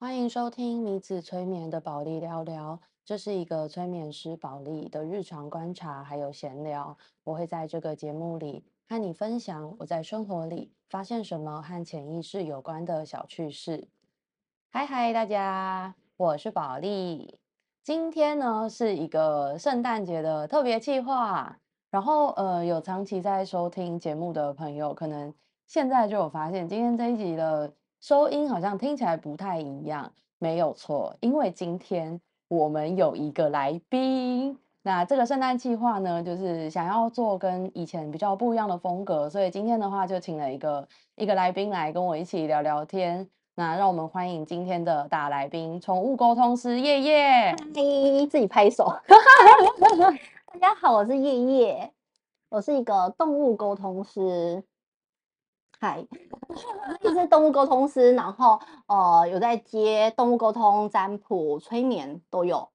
歡迎收聽米子催眠的寶莉聊聊，這是一個催眠師寶莉的日常觀察還有閒聊。我會在這個節目裡和你分享我在生活裡發現什麼和潛意識有關的小趣事。嗨嗨，大家，我是寶莉。今天呢是一個聖誕節的特別企劃，然後呃，有長期在收聽節目的朋友，可能現在就有發現今天這一集的。收音好像聽起來不太一樣，沒有錯，因為今天我們有一個來賓。那這個聖誕計劃呢，就是想要做跟以前比較不一樣的風格，所以今天的話就請了一個一個來賓來跟我一起聊聊天。那讓我們歡迎今天的大來賓——寵物溝通師曄曄。自己拍手。 大家好，我是曄曄，我是一個動物溝通師。嗨，是動物溝通師，然後呃有在接動物溝通、占卜、催眠都有。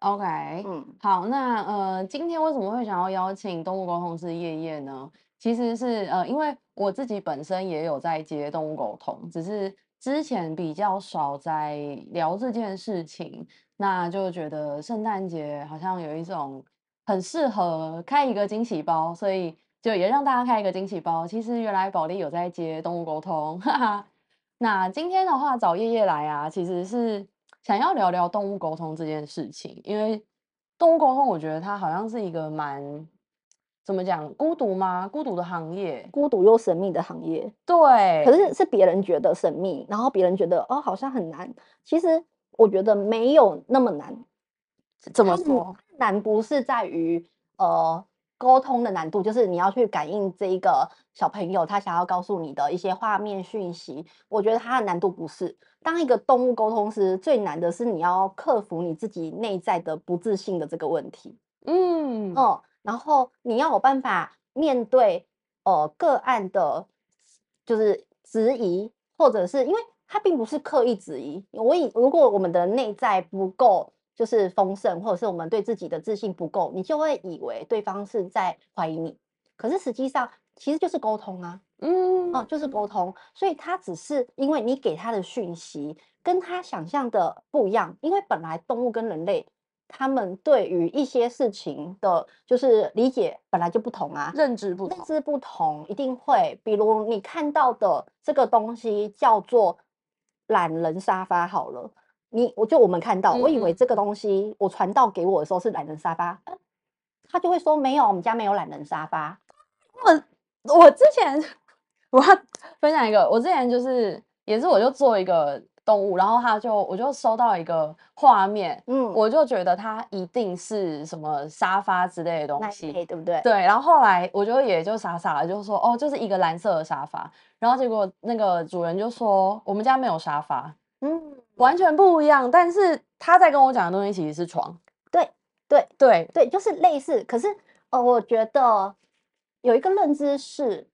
OK，嗯，好，那呃今天為什麼會想要邀請動物溝通師曄曄呢？其實是呃因為我自己本身也有在接動物溝通，只是之前比較少在聊這件事情，那就覺得聖誕節好像有一種很適合開一個驚喜包，所以。就也讓大家開一個驚喜包。其實原來寶莉有在接動物溝通哈哈，那今天的話找曄曄來啊，其實是想要聊聊動物溝通這件事情。因為動物溝通，我覺得它好像是一個蠻怎麼講孤獨嗎？孤獨的行業，孤獨又神秘的行業。對，可是是別人覺得神秘，然後別人覺得哦，好像很難。其實我覺得沒有那麼難。怎麼說？啊嗯、難不是在於呃。溝通的難度就是你要去感應這一個小朋友，他想要告訴你的一些畫面訊息，我覺得它的難度不是，當一個動物溝通師最難的是你要克服你自己內在的不自信的這個問題，嗯、哦、嗯，然後你要有辦法面對呃個案的，就是質疑，或者是因為他並不是刻意質疑，我以如果我們的內在不夠，就是豐盛，或者是我們對自己的自信不夠，你就會以為對方是在懷疑你。可是實際上，其實就是溝通啊，嗯，哦、啊，就是溝通。所以他只是因為你給他的訊息跟他想象的不一樣，因為本來動物跟人類，他們對於一些事情的，就是理解本來就不同啊，認知不同，認知不同，一定會。比如你看到的這個東西叫做懶人沙發，好了。你我就我們看到嗯嗯，我以為這個東西我傳到給我的時候是懶人沙發。嗯，他就會說沒有，我們家沒有懶人沙發。我我之前我要分享一個，我之前就是也是我就做一個動物，然後他就我就收到一個畫面，嗯，我就覺得它一定是什麼沙發之類的東西，對不對？對。然後後來我就也就傻傻的就說哦，就是一個藍色的沙發，然後結果那個主人就說我們家沒有沙發。完全不一樣，但是他在跟我講的東西其實是床，對對對對，就是類似。可是呃我覺得有一個認知是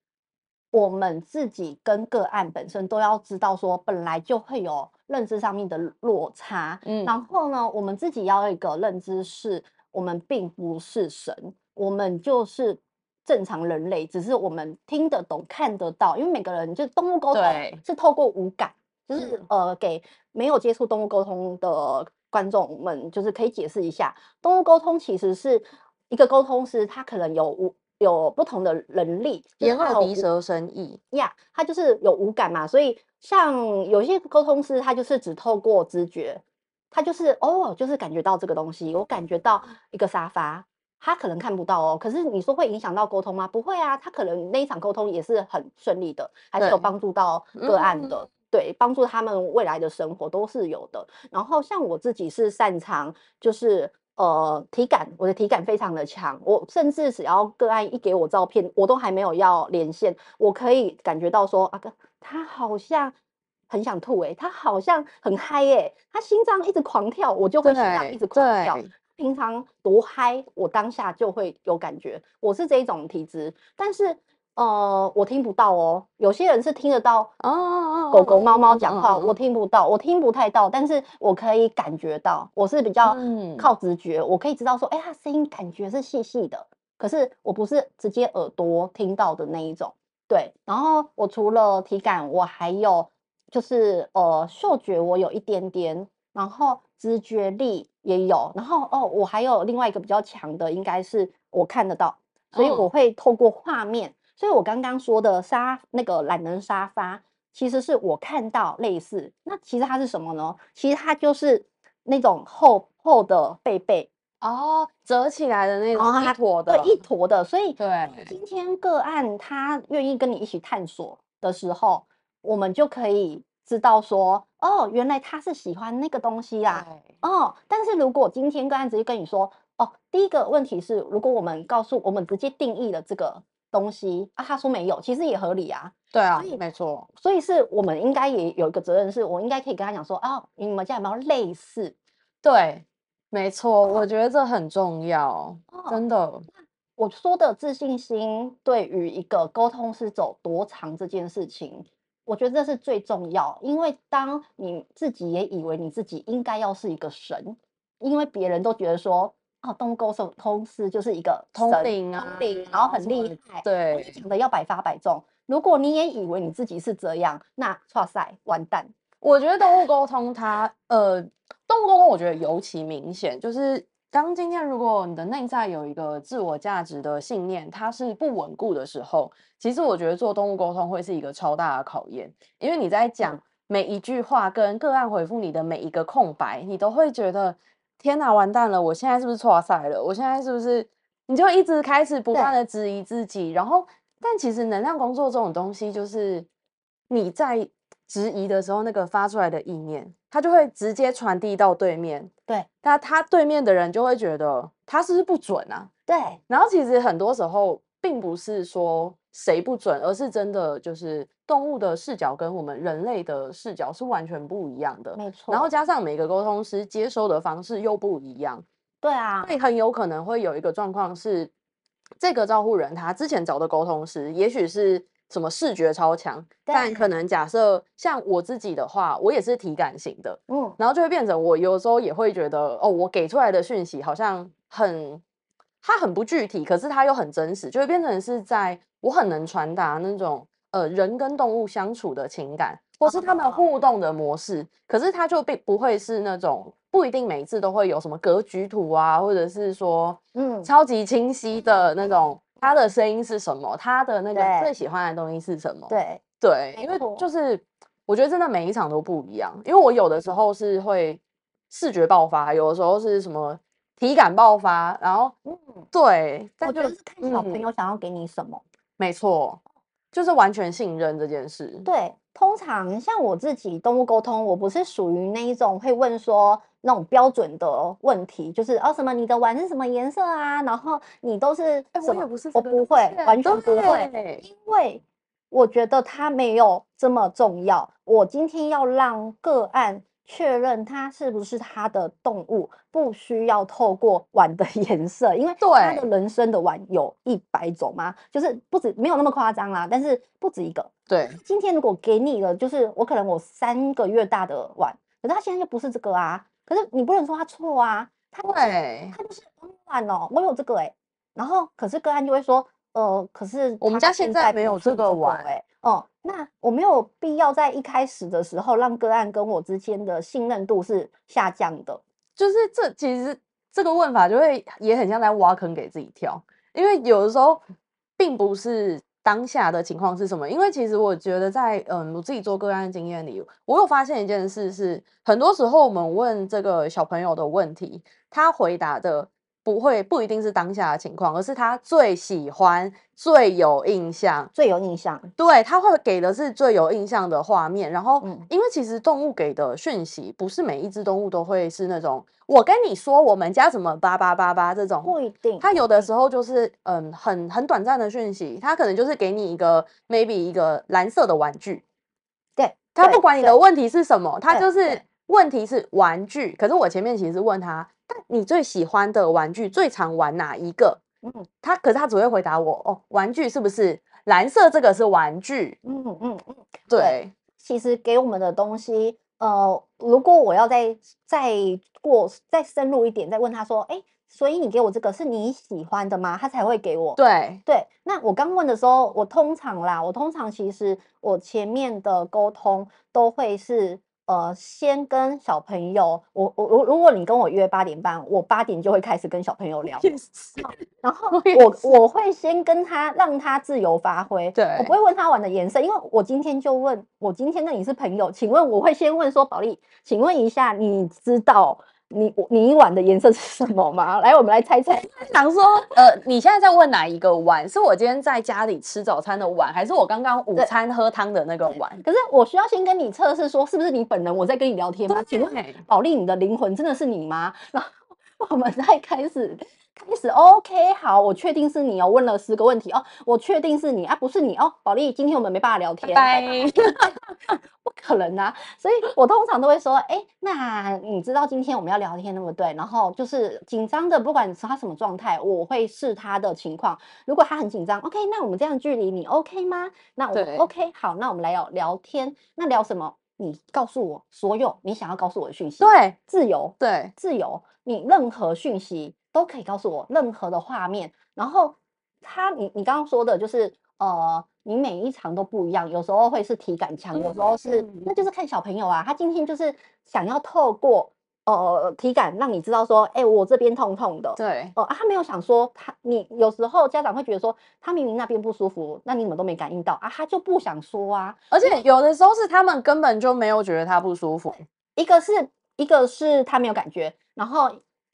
我們自己跟個案本身都要知道，說本來就會有認知上面的落差。嗯、然後呢，我們自己要有一個認知是我們並不是神，我們就是正常人類，只是我們聽得懂、看得到。因為每個人就動物溝通，對，是透過五感。就是呃，給沒有接觸動物溝通的觀眾們，就是可以解釋一下，動物溝通其實是一個溝通師，他可能有無有不同的能力，比如鼻舌生意呀，他就是有五感嘛，所以像有些溝通師，他就是只透過知覺，他就是哦，就是感覺到這個東西，我感覺到一個沙發，他可能看不到哦、喔，可是你說會影響到溝通嗎？不會啊，他可能那一場溝通也是很順利的，還是有幫助到個案的。對，幫助他們未來的生活都是有的。然後像我自己是擅長，就是呃體感，我的體感非常的強。我甚至只要個案一給我照片，我都還沒有要連線，我可以感覺到說啊哥，他好像很想吐哎、欸，他好像很嗨哎、欸，他心臟一直狂跳，我就會心臟一直狂跳。平常多嗨，我當下就會有感覺。我是這一種體質，但是。呃，我聽不到哦。有些人是聽得到狗狗貓貓哦，狗、哦、狗、貓貓講話，我聽不到，我聽不太到，但是我可以感覺到，我是比較嗯靠直覺、嗯，我可以知道說，哎、欸、它聲音感覺是細細的，可是我不是直接耳朵聽到的那一種。對，然後我除了體感，我還有就是呃，嗅覺我有一點點，然後直覺力也有，然後哦，我還有另外一個比較強的，應該是我看得到，所以我會透過畫面。哦呃所以，我剛剛說的沙那個懶人沙發，其實是我看到類似。那其實它是什麼呢？其實它就是那種厚厚的被被哦，折起來的那種，一坨的，哦。對，一坨的。所以，對今天個案他願意跟你一起探索的時候，我們就可以知道說，哦，原來他是喜歡那個東西啦、啊。哦，但是如果今天個案直接跟你說，哦，第一個問題是，如果我們告訴我們直接定義了這個。東西啊，他說沒有，其實也合理啊，對啊，所以沒錯，所以是我們應該也有一個責任，是我應該可以跟他講說啊、哦，你們家有沒有類似？對，沒錯、哦，我覺得這很重要，真的。哦、那我說的自信心對於一個溝通是走多長這件事情，我覺得這是最重要，因為當你自己也以為你自己應該要是一個神，因為別人都覺得說。哦，動物溝通師就是一個通靈啊、通靈，然後很厲害，對，講的要百發百中。如果你也以為你自己是這樣，那錯賽完蛋。我覺得動物溝通它，呃，動物溝通我覺得尤其明顯，就是當今天如果你的內在有一個自我價值的信念它是不穩固的時候，其實我覺得做動物溝通會是一個超大的考驗，因為你在講每一句話，跟個案回復你的每一個空白，你都會覺得。天哪，完蛋了！我現在是不是挫賽了？我現在是不是，你就一直開始不斷的質疑自己，然後，但其實能量工作這種東西，就是你在質疑的時候，那個發出來的意念，它就會直接傳遞到對面。對，那他對面的人就會覺得他是不是不準啊？對。然後其實很多時候。並不是說誰不準，而是真的就是動物的視角跟我們人類的視角是完全不一樣的，沒錯。然後加上每個溝通師接收的方式又不一樣，對啊，所以很有可能會有一個狀況是，這個照顧人他之前找的溝通師也許是什麼視覺超強，但可能假設像我自己的話，我也是體感型的，嗯，然後就會變成我有時候也會覺得哦，我給出來的訊息好像很。它很不具體，可是它又很真實，就會變成是在我很能傳達那種呃人跟動物相處的情感，或是他們互動的模式。Oh. 可是它就並不會是那種不一定每一次都會有什麼格局圖啊，或者是說嗯超級清晰的那種。他的聲音是什麼？他的那個最喜歡的東西是什麼？對對，對，因為就是我覺得真的每一場都不一樣，因為我有的時候是會視覺爆發，有的時候是什麼？體感爆發，然後，嗯，對，就是，我覺得是看小朋友想要給你什麼，嗯，沒錯，就是完全信任這件事。對，通常像我自己動物溝通，我不是屬於那一種會問說那種標準的問題，就是啊什麼你的碗是什麼顏色啊，然後你都是什麼，我也不是，我不會，完全不會，因為我覺得它沒有這麼重要。我今天要讓個案確認它是不是它的動物，不需要透過碗的顏色，因為對，它的人生的碗有一百種嘛，就是不止，沒有那麼誇張啦，但是不止一個。對，今天如果給你了，就是我可能我三個月大的碗，可是它現在就不是這個啊，可是你不能說它錯啊，它對，它就是碗哦、喔，我有這個哎、欸，然後可是個案就會說。呃，可是我們家現在沒有這個網、欸，哦、嗯，那我沒有必要在一開始的時候讓個案跟我之間的信任度是下降的。就是這其實這個問法就會也很像在挖坑給自己跳，因為有的時候並不是當下的情況是什麼，因為其實我覺得在嗯我自己做個案經驗裡，我有發現一件事是，很多時候我們問這個小朋友的問題，他回答的。不會，不一定是當下的情況，而是他最喜歡、最有印象、最有印象。對，他會給的是最有印象的畫面。然後，嗯、因為其實動物給的訊息，不是每一只動物都會是那種。我跟你說，我們家什麼八八八八這種，不一定。它有的時候就是，嗯，很很短暫的訊息，它可能就是給你一個 maybe 一個藍色的玩具。對，它不管你的問題是什麼，它就是。問題是玩具，可是我前面其實問他，但你最喜歡的玩具最常玩哪一個？嗯，他可是他只會回答我哦，玩具是不是？藍色這個是玩具。嗯嗯嗯，對。其實給我們的東西，呃，如果我要再再過再深入一點，再問他說，欸，所以你給我這個是你喜歡的嗎？他才會給我。對對。那我剛問的時候，我通常啦，我通常其實我前面的溝通都會是。呃，先跟小朋友，我我如如果你跟我約八點半，我八點就會開始跟小朋友聊。Yes. 然後我、yes. 我，我會先跟他讓他自由發揮。對，我不會問他玩的顏色，因為我今天就問我今天跟你是朋友，請問我會先問說，寶莉，請問一下，你知道，你你一碗的顏色是什麼嗎？來，我們來猜猜 想說，呃，你現在在問哪一個碗？是我今天在家裡吃早餐的碗，還是我剛剛午餐喝湯的那個碗？可是我需要先跟你測試，說是不是你本人？我在跟你聊天嗎？請問寶莉，你的靈魂真的是你嗎？然後我們再開始。意思 OK，好，我確定是你哦。問了十個問題哦，我確定是你啊，不是你哦，寶莉。今天我們沒辦法聊天，拜。 不可能啊！所以我通常都會說，誒、欸、那你知道今天我們要聊天，對不對？然後就是緊張的，不管是他什麼狀態，我會視他的情況。如果他很緊張，OK，那我們這樣的距離你 OK 嗎？那我 O、OK，好，那我們來聊聊天。那聊什麼？你告訴我所有你想要告訴我的訊息。對，自由，對，自由，你任何訊息。都可以告訴我，任何的畫面，然後他，你你剛剛說的就是，呃，你每一場都不一樣，有時候會是體感強，有時候是，那就是看小朋友啊，他今天就是想要透過呃體感讓你知道說，哎、欸，我這邊痛痛的，對，哦、呃，他沒有想說他，你有時候家長會覺得說，他明明那邊不舒服，那你們都沒感應到啊？他就不想說啊，而且有的時候是他們根本就沒有覺得他不舒服，一個是一個是他沒有感覺，然後。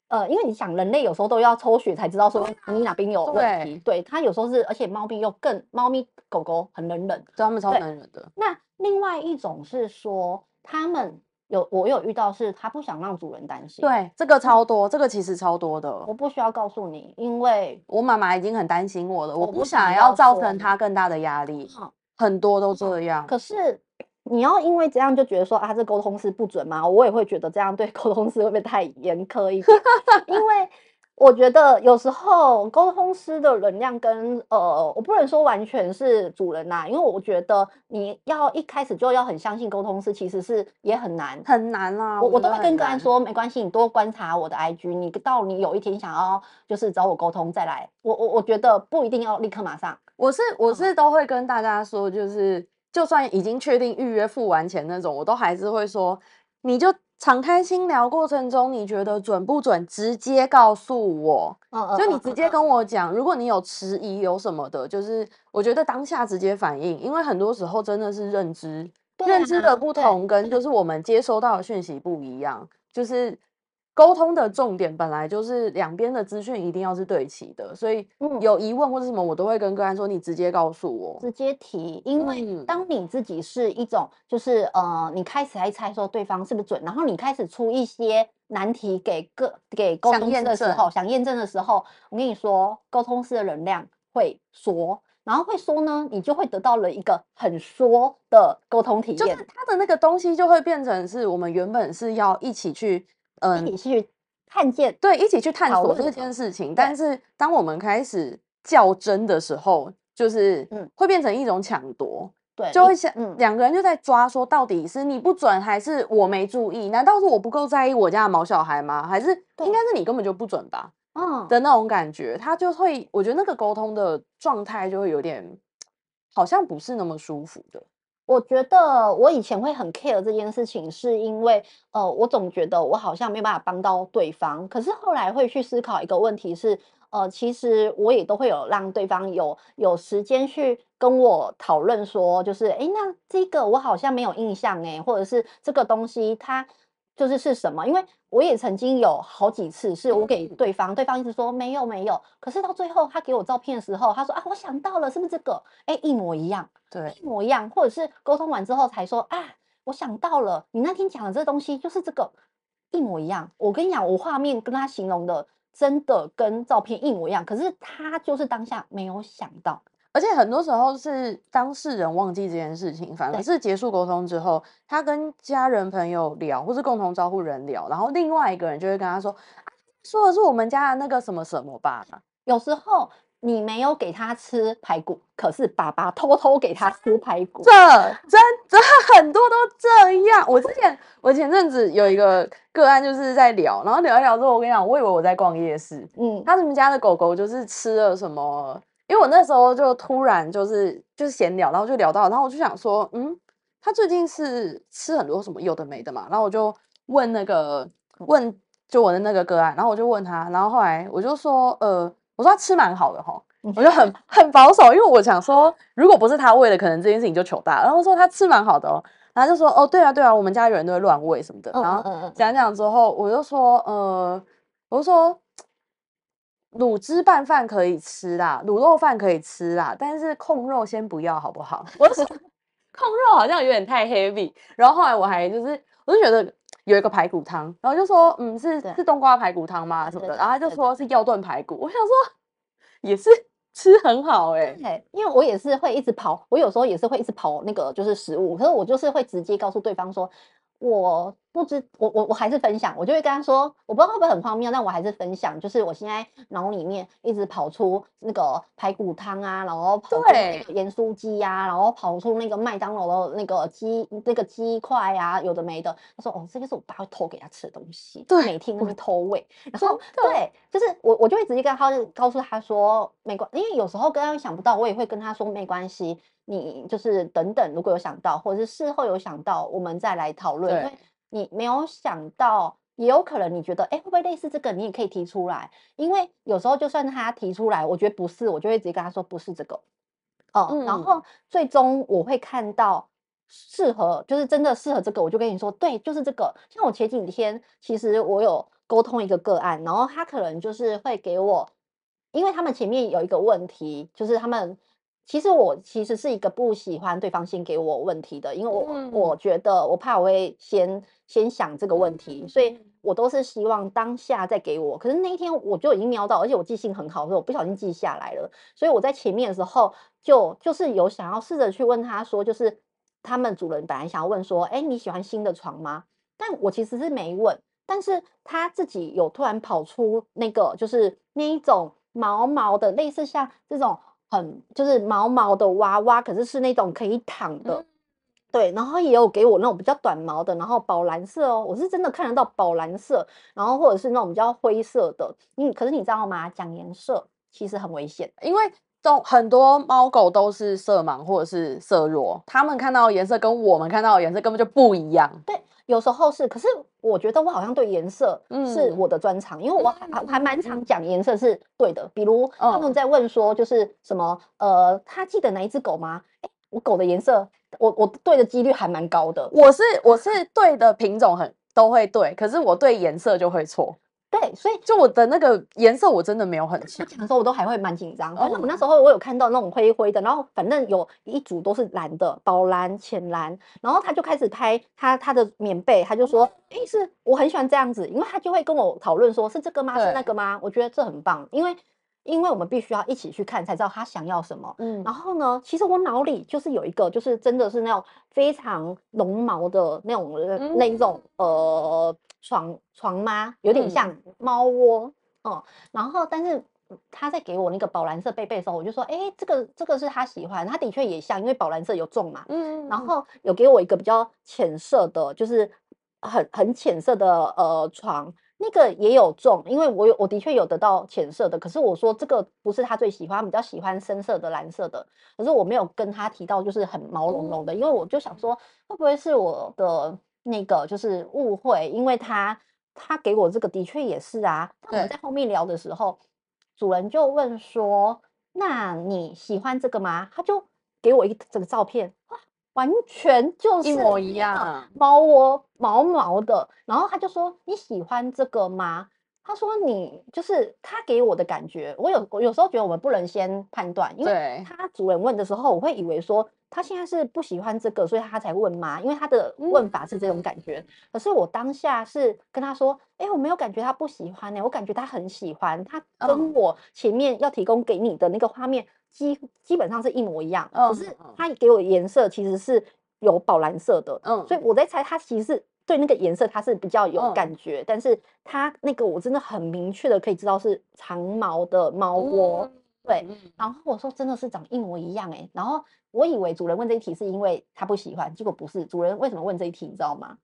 呃，因為你想，人類有時候都要抽血才知道說你哪邊有問題。對，它有時候是，而且貓咪又更，貓咪狗狗很能忍，對，它們超能忍的。那另外一種是說，他們有我有遇到，是他不想讓主人擔心。對，這個超多、嗯，這個其實超多的。我不需要告訴你，因為我媽媽已經很擔心我了，我不想要造成他更大的壓力。很多都這樣，嗯嗯、可是。你要因為這樣就覺得說啊，這溝通師不準嗎？我也會覺得這樣對溝通師會不會太嚴苛一點？ 因為我覺得有時候溝通師的能量跟呃，我不能說完全是主人吶，因為我覺得你要一開始就要很相信溝通師，其實是也很難，很難啊。我我，我都會跟個案說，沒關係，你多觀察我的 IG，你到你有一天想要就是找我溝通再來，我我我覺得不一定要立刻馬上。我是、嗯、我是都會跟大家說，就是。就算已經確定預約、付完錢那種，我都還是會說，你就敞開心聊過程中，你覺得準不準，直接告訴我。Oh, oh, oh, oh, oh. 就你直接跟我講，如果你有遲疑、有什麼的，就是我覺得當下直接反應，因為很多時候真的是認知、Mm-hmm. 認知的不同，跟就是我們接收到的訊息不一樣，就是。溝通的重點本來就是兩邊的資訊一定要是對齊的，所以有疑問或者什麼，我都會跟個案說，你直接告訴我。嗯，直接提。因為當你自己是一種，就是呃，你開始還猜說對方是不是準，然後你開始出一些難題給個給溝通師的時候，想驗證，想驗證的時候，我跟你說，溝通師的能量會縮，然後會縮呢，你就會得到了一個很縮的溝通體驗，就是他的那個東西就會變成是我們原本是要一起去。嗯，一起去看見對，一起去探索這件事情。但是，當我們開始較真的時候，就是會變成一種搶奪，對，就會像，嗯，兩個人就在抓，說到底是你不準還是我沒注意？難道是我不夠在意我家的毛小孩嗎？還是應該是你根本就不準吧？嗯，的那種感覺，他就會，我覺得那個溝通的狀態就會有點，好像不是那麼舒服的。我覺得我以前會很 care 這件事情，是因為呃，我總覺得我好像沒有辦法幫到對方。可是後來會去思考一個問題是呃，其實我也都會有讓對方有有時間去跟我討論，說就是欸，那這個我好像沒有印象欸，或者是這個東西它。就是是什麼？因為我也曾經有好幾次是我給對方，對方一直說沒有沒有，可是到最後他給我照片的時候，他說啊，我想到了，是不是這個？哎、欸，一模一樣，對，一模一樣，或者是溝通完之後才說啊，我想到了，你那天講的這東西就是這個，一模一樣。我跟你講，我畫面跟他形容的真的跟照片一模一樣，可是他就是當下沒有想到。而且很多時候是當事人忘記這件事情，反而是結束溝通之後，他跟家人朋友聊，或是共同招呼人聊，然後另外一個人就會跟他說：“啊、說的是我們家的那個什麼什麼吧。”有時候你沒有給他吃排骨，可是爸爸偷偷給他吃排骨。 這真的很多都這樣。我之前我前陣子有一個個案，就是在聊，然後聊一聊之後，我跟你講，我以為我在逛夜市。嗯，他們家的狗狗就是吃了什麼。因為我那時候就突然就是就是閒聊，然後就聊到，然後我就想說，嗯，他最近是吃很多什麼有的沒的嘛，然後我就問那個問就我的那個個案、啊，然後我就問他，然後後來我就說，呃，我說他吃蠻好的哈、哦，我就很很保守，因為我想說，如果不是他餵了，可能這件事情就糗大了。然後我說他吃蠻好的哦，然後就說，哦，對啊對啊，對啊，我們家有人都會亂餵什麼的。然後講講之後，我就說，呃，我就說。滷汁拌飯可以吃啦，滷肉飯可以吃啦，但是控肉先不要好不好？ 我說控肉好像有點太 heavy，然後後來我還就是，我就覺得有一個排骨湯，然後就說，嗯，是是冬瓜排骨湯嗎什麼的，然後他就說是要燉排骨，我想說也是吃很好哎、欸，因為我也是會一直跑，我有時候也是會一直跑那個就是食物，可是我就是會直接告訴對方說，我。不知，我我我還是分享，我就會跟他說，我不知道會不會很荒謬，但我還是分享，就是我現在腦裡面一直跑出那個排骨湯啊，然後跑出那個鹽酥雞呀、啊，然後跑出那個麥當勞的那個雞那個雞塊呀、啊，有的沒的。他說哦，這個是我爸會偷給他吃的東西，對每天都會偷餵。 然後對，就是我我就會直接跟他告訴他說沒關，因為有時候跟他剛想不到，我也會跟他說沒關係，你就是等等如果有想到，或者是事後有想到，我們再來討論。你沒有想到，也有可能你覺得，哎、欸，會不會類似這個？你也可以提出來，因為有時候就算他提出來，我覺得不是，我就會直接跟他說不是這個，哦、嗯，嗯，然後最終我會看到適合，就是真的適合這個，我就跟你說，對，就是這個。像我前幾天，其實我有溝通一個個案，然後他可能就是會給我，因為他們前面有一個問題，就是他們。其實我其實是一個不喜歡對方先給我問題的，因為我我覺得我怕我會先先想這個問題，所以我都是希望當下再給我。可是那一天我就已經瞄到，而且我記性很好，所以我不小心記下來了。所以我在前面的時候就就是有想要試着去問他說，就是他們主人本來想要問說，哎、欸，你喜歡新的床嗎？但我其實是沒問，但是他自己有突然跑出那個，就是那一種毛毛的，類似像這種。很就是毛毛的娃娃，可是是那種可以躺的、嗯，對，然後也有給我那種比較短毛的，然後寶藍色哦、喔，我是真的看得到寶藍色，然後或者是那種比較灰色的，嗯，可是你知道嗎？講顏色其實很危險，因為。種很多貓狗都是色盲或者是色弱，他們看到顏色跟我們看到顏色根本就不一樣。對，有時候是。可是我覺得我好像對顏色是我的專長、嗯，因為我還還蠻常講顏色是對的。比如他們在問說，就是什麼、嗯、呃，他記得哪一只狗嗎、欸？我狗的顏色，我我對的幾率還蠻高的。我是我是對的品種很都會對，可是我對顏色就會錯。對，所以就我的那個顏色，我真的沒有很清楚。講的時候，我都還會蠻緊張。Oh, 反正我那時候，我有看到那種灰灰的，然後反正有一組都是藍的，寶藍、淺藍，然後他就開始拍他他的棉被，他就說：“ oh. 誒，是我很喜歡這樣子。”因為他就會跟我討論說，說是這個嗎？是那個嗎？我覺得這很棒，因為。因為我們必須要一起去看，才知道他想要什麼。嗯，然後呢，其實我腦裡就是有一個，就是真的是那種非常絨毛的那種，嗯、那一種呃床床嗎？有點像貓窩哦。然後，但是他在給我那個寶藍色被被的時候，我就說：“哎、欸，這個這個是他喜歡，他的確也像，因為寶藍色有重嘛。”嗯，然後有給我一個比較淺色的，就是很很淺色的呃床。那個也有中，因為我有我的確有得到淺色的，可是我說這個不是他最喜歡，比較喜歡深色的藍色的。可是我沒有跟他提到，就是很毛茸茸的，因為我就想說，會不會是我的那個就是誤會？因為他他給我這個的確也是啊。我們在後面聊的時候，主人就問說：“那你喜歡這個嗎？”他就給我一這個,個照片完全就是，哦，一模一樣，貓窩毛毛的。然後他就說：“你喜歡這個嗎？”他說你：“你就是他給我的感覺。”我有，我有時候覺得我們不能先判斷，因為他主人問的時候，我會以為說他現在是不喜歡這個，所以他才問嘛，因為他的問法是這種感覺。嗯，可是我當下是跟他說：“哎，欸，我沒有感覺他不喜歡呢，欸，我感覺他很喜歡。他跟我前面要提供給你的那個畫面。哦”基基本上是一模一樣，可、嗯、是它給我的顏色其實是有寶藍色的、嗯，所以我在猜它其實是對那個顏色它是比較有感覺、嗯，但是它那個我真的很明確的可以知道是長毛的貓窩，對，然後我說真的是長一模一樣哎、欸，然後我以為主人問這一題是因為他不喜歡，結果不是，主人為什麼問這一題你知道嗎？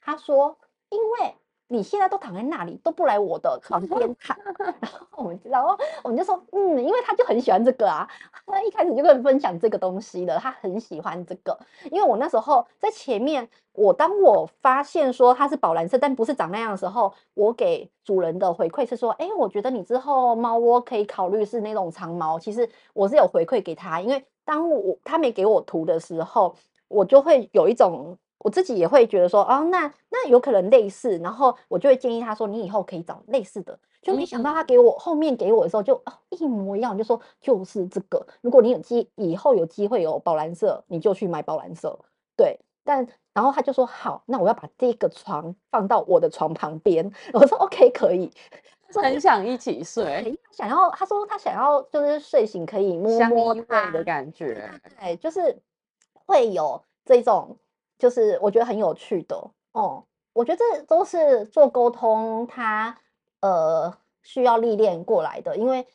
他說因為。你現在都躺在那裡，都不來我的床邊看，啊、 然後我們，然後我們就說，嗯，因為他就很喜歡這個啊，他一開始就跟分享這個東西的，他很喜歡這個。因為我那時候在前面，我當我發現說它是寶藍色，但不是長那樣的時候，我給主人的回饋是說，哎、欸，我覺得你之後貓窩可以考慮是那種長毛。其實我是有回饋給他，因為當我他沒給我圖的時候，我就會有一種。我自己也會覺得說，哦，那那有可能類似，然後我就會建議他說，你以後可以找類似的。就沒想到他給我後面給我的時候就，就、哦、一模一樣，就說就是這個。如果你有機以後有機會有寶藍色，你就去買寶藍色。對，但然後他就說好，那我要把這個床放到我的床旁邊。我說 OK，可以。很想一起睡，OK，想要他說他想要就是睡醒可以摸摸，摸他的感覺，對、哎、就是會有這種。就是我覺得很有趣的哦、嗯，我覺得這都是做溝通他呃需要歷練過來的，因為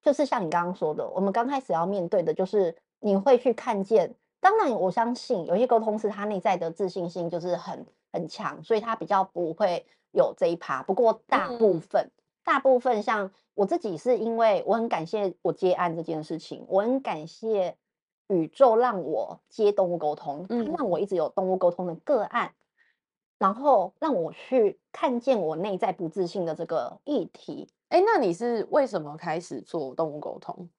就是像你剛剛說的，我們剛開始要面對的就是你會去看見，當然我相信有些溝通是他內在的自信心就是很很強，所以他比較不會有這一趴。不過大部分、嗯、大部分像我自己是因為我很感謝我接案這件事情，我很感謝。宇宙讓我接動物溝通，它讓我一直有動物溝通的個案、嗯，然後讓我去看見我內在不自信的這個議題。哎，那你是為什麼開始做動物溝通？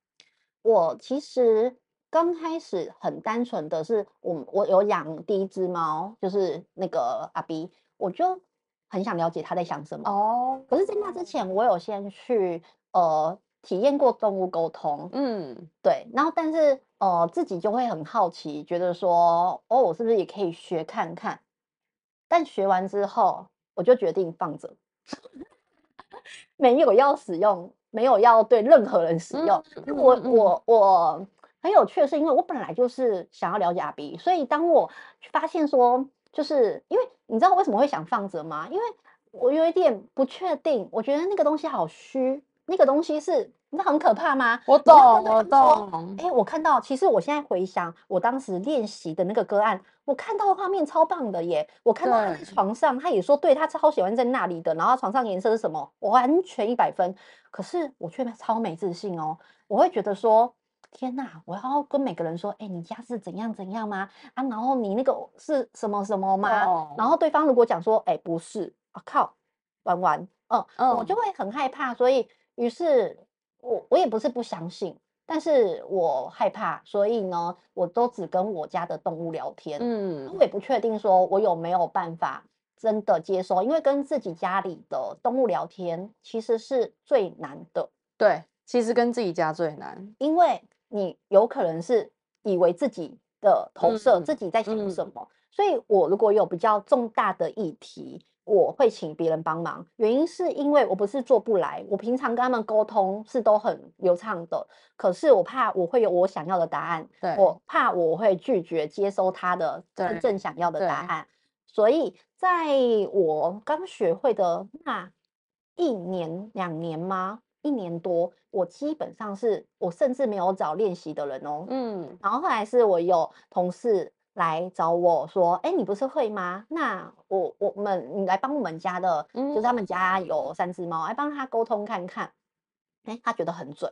我其實剛開始很單純的是，我我有養第一隻貓，就是那個阿 B，我就很想了解它在想什麼哦。可是在那之前，我有先去呃，體驗過動物溝通，嗯，對，然後但是呃，自己就會很好奇，覺得說哦，我是不是也可以學看看？但學完之後，我就決定放着， 沒有要使用，沒有要對任何人使用。嗯、我我我很有趣的是，因為我本來就是想要了解阿 B，所以當我發現說，就是因為你知道我為什麼會想放着嗎？因為我有一點不確定，我覺得那個東西好虛。那個東西是，那很可怕嗎？我懂，我懂。哎、欸，我看到，其實我現在回想我當時練習的那個個案，我看到的畫面超棒的耶。我看到他在床上，他也說對他超喜歡在那裡的。然後床上顏色是什麼？完全一百分。可是我卻超沒自信哦。我會覺得說，天哪、啊！我要跟每個人說，誒、欸、你家是怎樣怎樣嗎？啊，然後你那個是什麼什麼嗎？哦、然後對方如果講說，誒、欸、不是，我、啊、靠，玩完，嗯嗯，我就會很害怕，所以。於是我我也不是不相信，但是我害怕，所以呢，我都只跟我家的動物聊天。嗯，我也不確定說我有沒有辦法真的接收，因為跟自己家裡的動物聊天其實是最難的。對，其實跟自己家最難，因為你有可能是以為自己的投射，嗯，自己在想什麼，嗯。所以我如果有比較重大的議題。我會請別人幫忙，原因是因為我不是做不來，我平常跟他們溝通是都很流暢的，可是我怕我會有我想要的答案，對，我怕我會拒絕接收他的真正想要的答案，所以在我剛學會的那一年、兩年嗎？一年多，我基本上是我甚至沒有找練習的人哦，嗯，然後後來是我有同事。來找我說，哎，欸，你不是會嗎？那我我們你來幫我們家的，嗯，就是他們家有三隻貓，來幫他溝通看看。哎，欸，他覺得很準，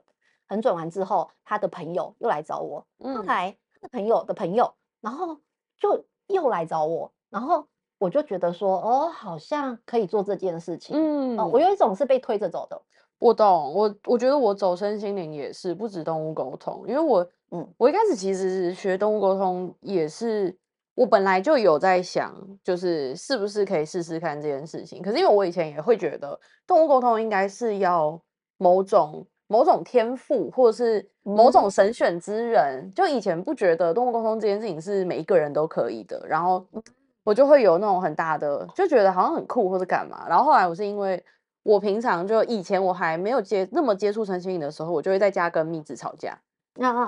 很準。完之後，他的朋友又來找我，嗯，後來他的朋友的朋友，然後就又來找我，然後我就覺得說，哦，好像可以做這件事情。嗯，呃、我有一種是被推着走的。我懂，我我覺得我走身心靈也是，不止動物溝通，因為我。嗯，我一開始其實學動物溝通也是，我本來就有在想，就是是不是可以試試看這件事情。可是因為我以前也會覺得動物溝通應該是要某種某種天賦，或者是某種神選之人，就以前不覺得動物溝通這件事情是每一個人都可以的。然後我就會有那種很大的，就覺得好像很酷或者幹嘛。然後後來我是因為，我平常就以前我還沒有接那麼接觸身心靈的時候，我就會在家跟蜜子吵架。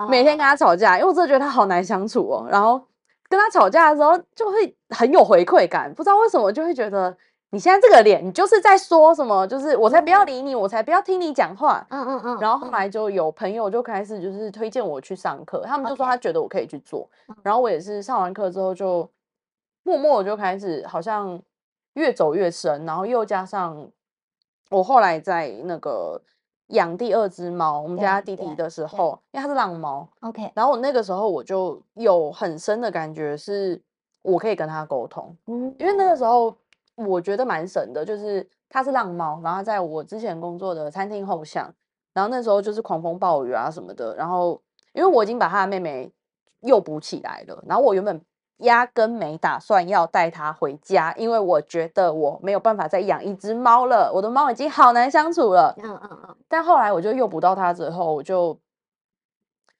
每天跟他吵架，因為我真的覺得他好難相處哦、喔。然後跟他吵架的時候，就會很有回饋感，不知道為什麼就會覺得你現在這個臉，你就是在說什麼，就是我才不要理你，我才不要聽你講話。嗯嗯嗯。然後後來就有朋友就開始就是推薦我去上課，他們就說他覺得我可以去做。Okay. 然後我也是上完課之後就默默我就開始好像越走越深，然後又加上我後來在那個。養第二隻貓，我們家弟弟的時候，yeah, yeah, yeah. 因為他是浪貓，OK。然後我那個時候我就有很深的感覺，是我可以跟他溝通，嗯、mm-hmm.，因為那個時候我覺得蠻神的，就是他是浪貓，然後在我之前工作的餐廳後巷，然後那時候就是狂風暴雨啊什麼的，然後因為我已經把他的妹妹誘捕起來了，然後我原本。壓根沒打算要帶它回家，因為我覺得我沒有辦法再養一隻貓了，我的貓已經好難相處了。嗯嗯嗯。但後來我就誘捕到它之後，我就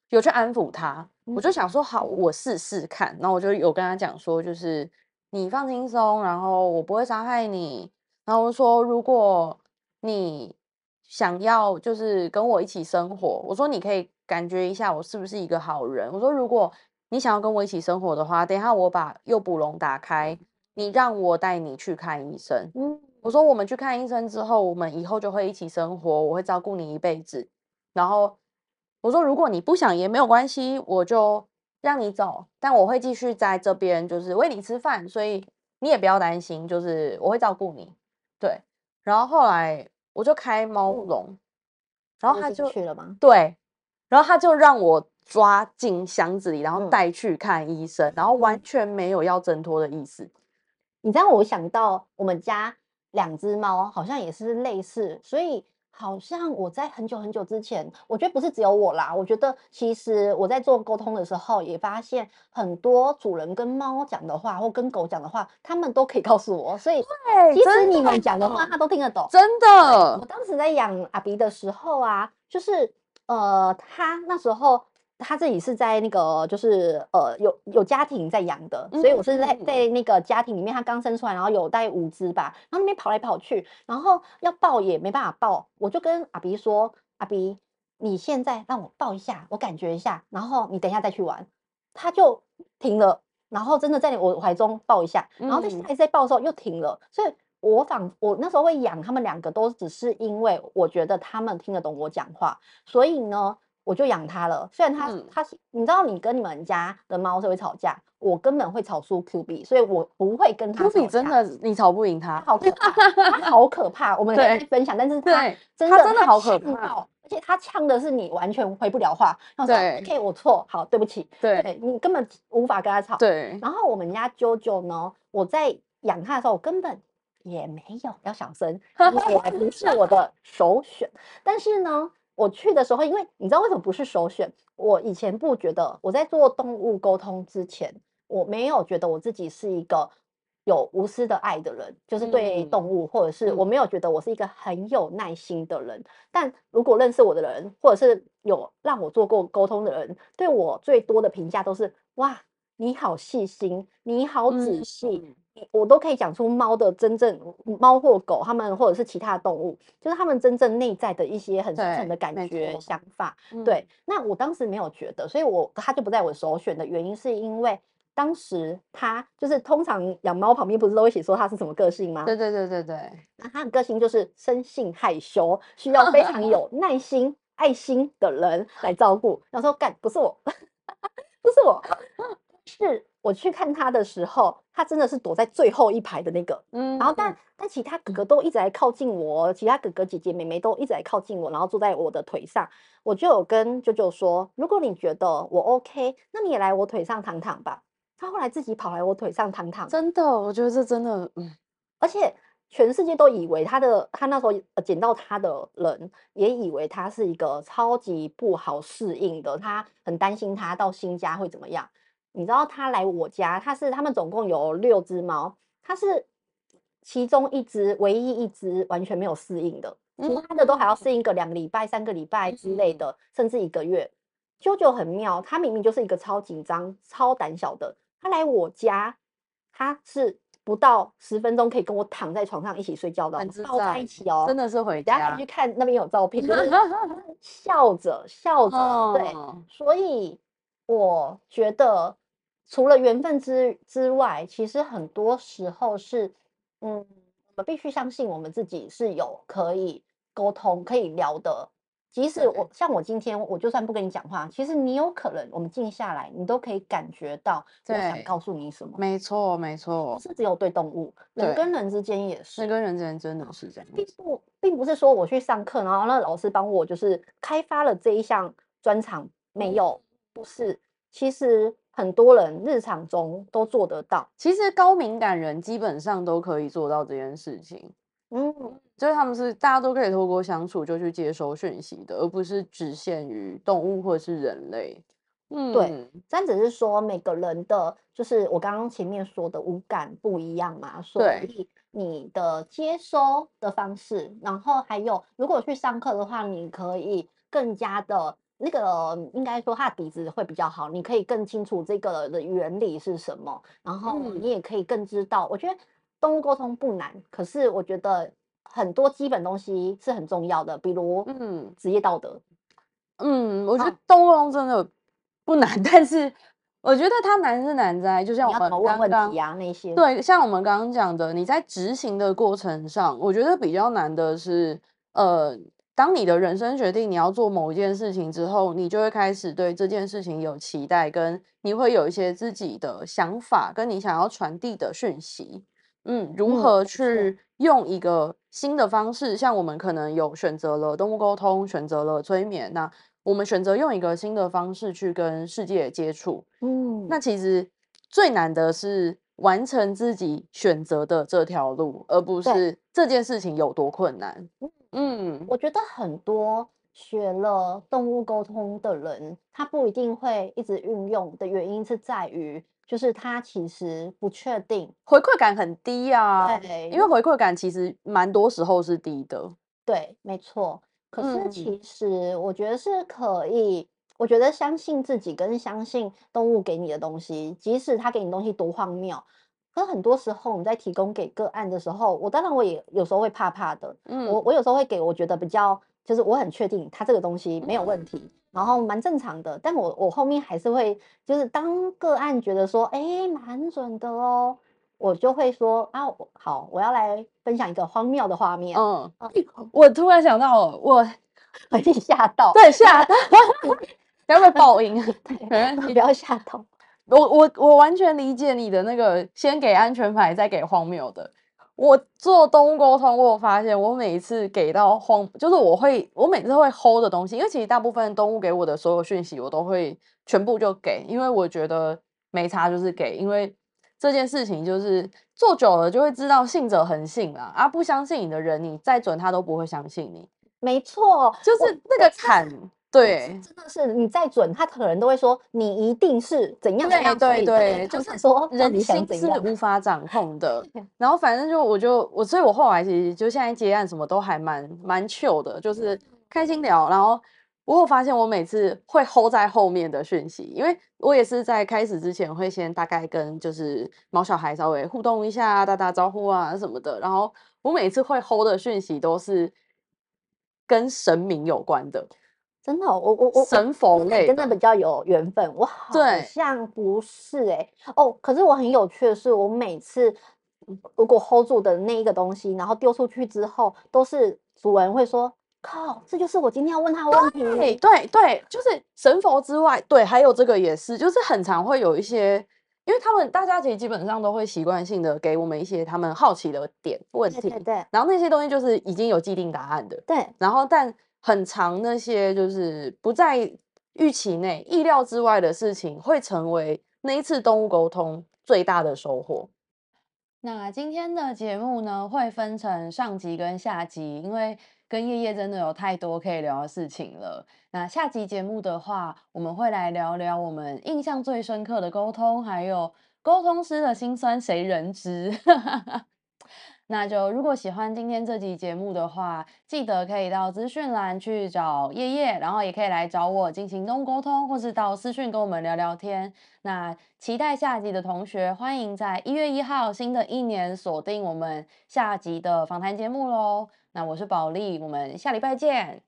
有去安撫它，嗯，我就想說好，我試試看。然後我就有跟他講說，就是你放輕鬆，然後我不會傷害你。然後我就說，如果你想要就是跟我一起生活，我說你可以感覺一下我是不是一個好人。我說如果。你想要跟我一起生活的話，等一下我把誘捕籠打開，你讓我帶你去看醫生。嗯。我說我們去看醫生之後，我們以後就會一起生活，我會照顧你一輩子。然後我說，如果你不想也沒有關係，我就讓你走，但我會繼續在這邊就是餵你吃飯，所以你也不要擔心，就是我會照顧你。對，然後後來我就開貓籠。然後他就去了嗎？對，然後他就讓我。抓進箱子裡，然後帶去看醫生，嗯，然後完全沒有要掙脫的意思。你知道我想到我們家兩隻貓好像也是類似，所以好像我在很久很久之前，我覺得不是只有我啦。我覺得其實我在做溝通的時候，也發現很多主人跟貓講的話，或跟狗講的話，他們都可以告訴我。所以，對，其實你們講的話他都聽得懂，真的。我當時在養阿比的時候啊，就是呃，他那時候。他自己是在那個，就是呃，有有家庭在養的，嗯，所以我是在在那個家庭裡面，他剛生出來，然後有帶五隻吧，然後那邊跑來跑去，然後要抱也沒辦法抱，我就跟阿比說：“阿比，你現在讓我抱一下，我感覺一下，然後你等一下再去玩。”他就停了，然後真的在我懷中抱一下，然後在、嗯、在抱的時候又停了，所以我仿我那時候會養他們兩個，都只是因為我覺得他們聽得懂我講話，所以呢。我就養它了，雖然它它是，你知道，你跟你們家的貓是會吵架，我根本會吵輸 Q B，所以我不會跟它吵架。Q B 真的，你吵不贏它，他好可怕，它 好可怕。我們可以分享，但是它真,真的好可怕，他而且它嗆的是你完全回不了話。說對，OK，我錯，好，對不起，對、欸、你根本無法跟他吵。對，然後我們家九九呢，我在養它的時候，我根本也沒有要想生，也 不是我的首選， 但是呢。我去的時候，因為你知道為什麼不是首選？我以前不覺得，我在做動物溝通之前，我沒有覺得我自己是一個有無私的愛的人，就是對動物、嗯，或者是我沒有覺得我是一個很有耐心的人。但如果認識我的人，或者是有讓我做過溝通的人，對我最多的評價都是：哇，你好細心，你好仔細。嗯我都可以講出貓的真正貓或狗，他們或者是其他的動物，就是他們真正內在的一些很深的感覺、想法。嗯、對，那我當時沒有覺得，所以我他就不在我首選的原因，是因為當時他就是通常養貓旁邊不是都會寫說他是什麼個性嗎？對對對對對,對。那他的個性就是生性害羞，需要非常有耐心、 愛心的人來照顧。然後說幹，不是我， 不是我。是我去看他的時候，他真的是躲在最後一排的那個。嗯，然後但、嗯、但其他哥哥都一直在靠近我、嗯，其他哥哥姐姐妹妹都一直在靠近我，然後坐在我的腿上。我就有跟舅舅說：“如果你覺得我 OK，那你也來我腿上躺躺吧。”他後來自己跑來我腿上躺躺。真的，我覺得這真的，嗯。而且全世界都以為他的，他那時候撿到他的人也以為他是一個超級不好適應的，他很擔心他到新家會怎麼樣。你知道他來我家，他是他們總共有六隻貓，他是其中一隻，唯一一隻完全沒有適應的，其他的都還要適應個兩個禮拜、三個禮拜之類的、嗯，甚至一個月。啾啾很妙，他明明就是一個超緊張、超膽小的，他來我家，他是不到十分鐘可以跟我躺在床上一起睡覺的，抱在一起哦，真的是回家。大家可以去看那邊有照片，就是笑着，笑着， 笑着笑着 oh. 對，所以我覺得。除了緣分之之外，其實很多時候是，嗯，我們必須相信我們自己是有可以溝通、可以聊的。即使我，對對對，像我今天，我就算不跟你講話，其實你有可能，我們靜下來，你都可以感覺到我想告訴你什麼。沒錯，沒錯，是只有對動物，人跟人之間也是，人跟人之間真的是這樣，並不，並不是說我去上課，然後那老師幫我就是開發了這一項專長，沒有、嗯，不是，其實。很多人日常中都做得到，其實高敏感人基本上都可以做到這件事情。嗯，就是他們是大家都可以透過相處就去接收訊息的，而不是只限於動物或是人類。嗯，對，這樣只是說每個人的，就是我剛剛前面說的五感不一樣嘛，所以你的接收的方式，然後還有如果去上課的話，你可以更加的。那個、嗯、應該說，他的底子會比較好，你可以更清楚這個的原理是什麼，然後你也可以更知道。嗯、我覺得動物溝通不難，可是我覺得很多基本東西是很重要的，比如嗯，職業道德嗯。嗯，我覺得動物，動物真的不難、啊，但是我覺得它難是難在，就像我們剛剛問問題啊，那些，對，像我們剛剛講的，你在執行的過程上，我覺得比較難的是，呃。當你的人生決定你要做某一件事情之後，你就會開始對這件事情有期待，跟你會有一些自己的想法，跟你想要傳遞的訊息。嗯，如何去用一個新的方式，嗯，是。像我們可能有選擇了動物溝通，選擇了催眠，那我們選擇用一個新的方式去跟世界接觸。嗯，那其實最難的是完成自己選擇的這條路，而不是這件事情有多困難。嗯，我覺得很多學了動物溝通的人，他不一定會一直運用的原因是在於，就是他其實不確定，回饋感很低啊。對，因為回饋感其實蠻多時候是低的。對，沒錯。可是其實我覺得是可以，嗯，我覺得相信自己跟相信動物給你的東西，即使他給你的東西多荒謬。可是很多時候，我們在提供給個案的時候，我當然我也有時候會怕怕的。嗯，我我有時候會給我覺得比較就是我很確定他這個東西沒有問題，嗯、然後蠻正常的。但我我後面還是會就是當個案覺得說，哎、欸，蠻準的哦、喔，我就會說啊，好，我要來分享一個荒謬的畫面。嗯，oh. 我突然想到我， 我已經嚇到，對，嚇到 不不， 不要報應？嗯，你不要嚇到。 我我我完全理解你的那個先給安全牌再給荒謬的。我做動物溝通，我發現我每一次給到荒，就是我會我每次會 hold 的東西，因為其實大部分動物給我的所有訊息，我都會全部就給，因為我覺得沒差就是給，因為這件事情就是做久了就會知道信者恆信啦。啊，不相信你的人，你再準他都不會相信你。沒錯，就是那個坎。對，真的是你再準，他可能都會說你一定是怎樣怎樣，對對對，想就是說人心是無法掌控的。 然後反正就我就我，所以我後來其實就現在接案什麼都還蠻、嗯、蠻 chill 的，就是開心聊、嗯。然後我有發現，我每次會 hold 在後面的訊息，因為我也是在開始之前會先大概跟就是毛小孩稍微互動一下，打打招呼啊什麼的。然後我每次會 hold 的訊息都是跟神明有關的。真的、哦，我我我神佛類的真的比較有緣分，對，我好像不是哎、欸、哦。Oh, 可是我很有趣的是，我每次如果 hold 住的那一個東西，然後丟出去之後，都是主人會說：“靠，這就是我今天要問他問題。”對對，對，就是神佛之外，對，還有這個也是，就是很常會有一些，因為他們大家其實基本上都會習慣性的給我們一些他們好奇的點問題，對，對對，然後那些東西就是已經有既定答案的，對，然後但。很常，那些就是不在預期內、意料之外的事情，會成為那一次動物溝通最大的收穫。那今天的節目呢，會分成上集跟下集，因為跟曄曄真的有太多可以聊的事情了。那下集節目的話，我們會來聊聊我們印象最深刻的溝通，還有溝通師的心酸，誰人知？ 那就如果喜歡今天這集節目的話，記得可以到資訊欄去找曄曄，然後也可以來找我進行動物溝通，或是到私訊跟我們聊聊天。那期待下集的同學，歡迎在一月一號新的一年鎖定我們下集的訪談節目嘍。那我是寶莉，我們下禮拜見。